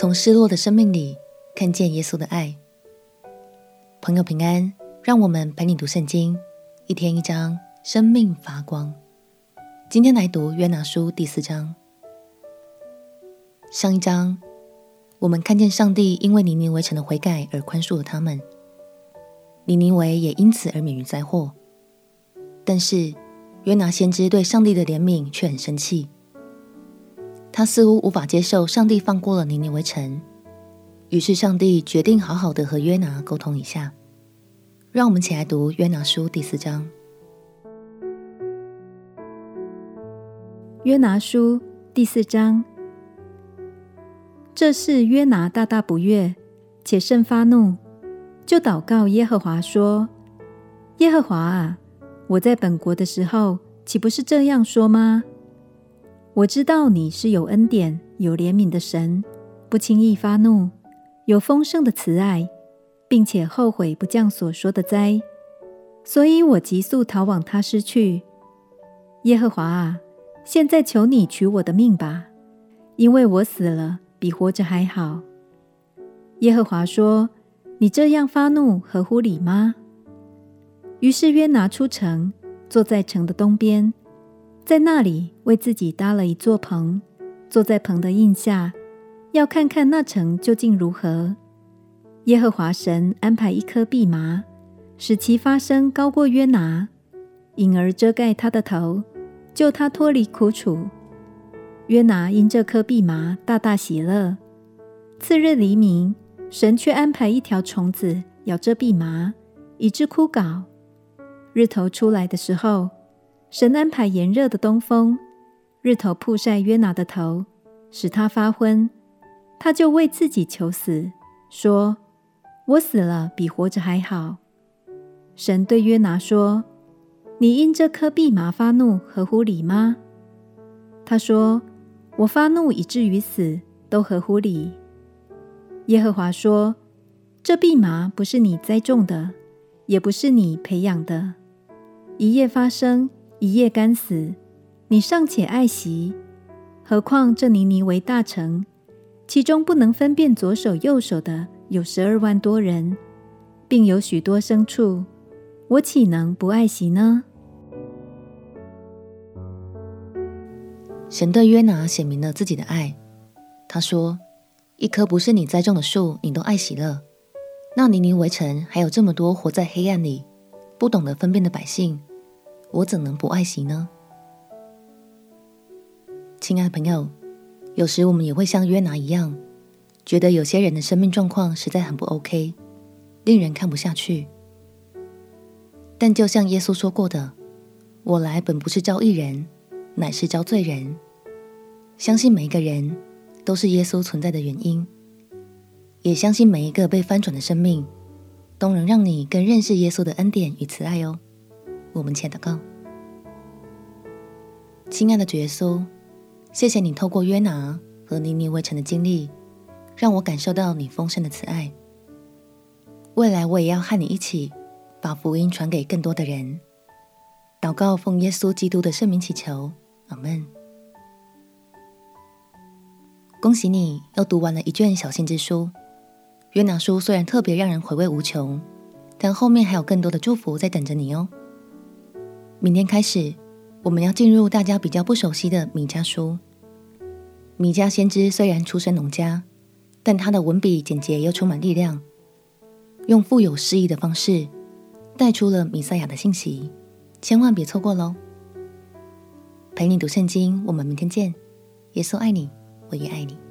從失落的生命裡看見耶穌的愛，朋友平安，讓我們陪你讀聖經，一天一章，生命發光。今天來讀約拿書第四章。上一章，我們看見上帝因為尼尼微城的悔改而寬恕了他們，尼尼微也因此而免於災禍。但是約拿先知對上帝的憐憫卻很生氣。他似乎無法接受上帝放過了尼尼微城，於是上帝決定好好的和約拿溝通一下。讓我們起來讀約拿書第四章。約拿書第四章，這事約拿大大不悅，且甚發怒，就禱告耶和華說：“耶和華啊，我在本國的時候，豈不是這樣說嗎？”我知道你是有恩典、有憐憫的神，不輕易發怒，有豐盛的慈愛，並且後悔不降所說的災，所以我急速逃往他施去。耶和華啊，現在求你取我的命吧，因為我死了比活着還好。耶和華說：“你這樣發怒合乎理嗎？”於是約拿出城，坐在城的東邊。在那裡為自己搭了一座棚，坐在棚的蔭下，要看看那城究竟如何。耶和華神安排一棵蓖麻，使其發生高過約拿，影兒遮蓋他的頭，救他脫離苦楚。約拿因這棵蓖麻大大喜樂。次日黎明，神卻安排一條蟲子咬這蓖麻，以致枯槁。日頭出來的時候，神安排炎熱的東風，日頭曝曬約拿的頭，使他發昏。他就為自己求死，說：“我死了比活着還好。”神對約拿說：“你因這顆蓖麻發怒，合乎理嗎？”他說：“我發怒以至於死，都合乎理。”耶和華說：“這蓖麻不是你栽種的，也不是你培養的，一夜發生。”一夜乾死，你尚且愛惜，何況這尼尼微大城，其中不能分辨左手右手的有十二萬多人，並有許多牲畜，我豈能不愛惜呢？神對約拿顯明了自己的愛，他說：“一棵不是你栽種的樹，你都愛惜了，那尼尼微城還有這麼多活在黑暗裡、不懂得分辨的百姓。”我怎能不愛惜呢？親愛的朋友，有時我們也會像約拿一樣，覺得有些人的生命狀況實在很不 OK，令人看不下去。但就像耶穌說過的：“我來本不是召義人，乃是召罪人。”相信每一個人都是耶穌存在的原因，也相信每一個被翻轉的生命，都能讓你更認識耶穌的恩典與慈愛哦。我們且禱告，親愛的主耶穌，謝謝你透過約拿和尼尼微城的經歷，讓我感受到你豐盛的慈愛。未來我也要和你一起，把福音傳給更多的人。禱告奉耶穌基督的聖名祈求，阿門。恭喜你又讀完了一卷小先知書，約拿書雖然特別讓人回味無窮，但後面還有更多的祝福在等着你哦。明天開始，我們要進入大家比較不熟悉的彌迦書。彌迦先知雖然出身農家，但他的文筆簡潔又充滿力量，用富有詩意的方式帶出了彌賽亞的信息，千萬別錯過嘍！陪你讀聖經，我們明天見。耶穌愛你，我也愛你。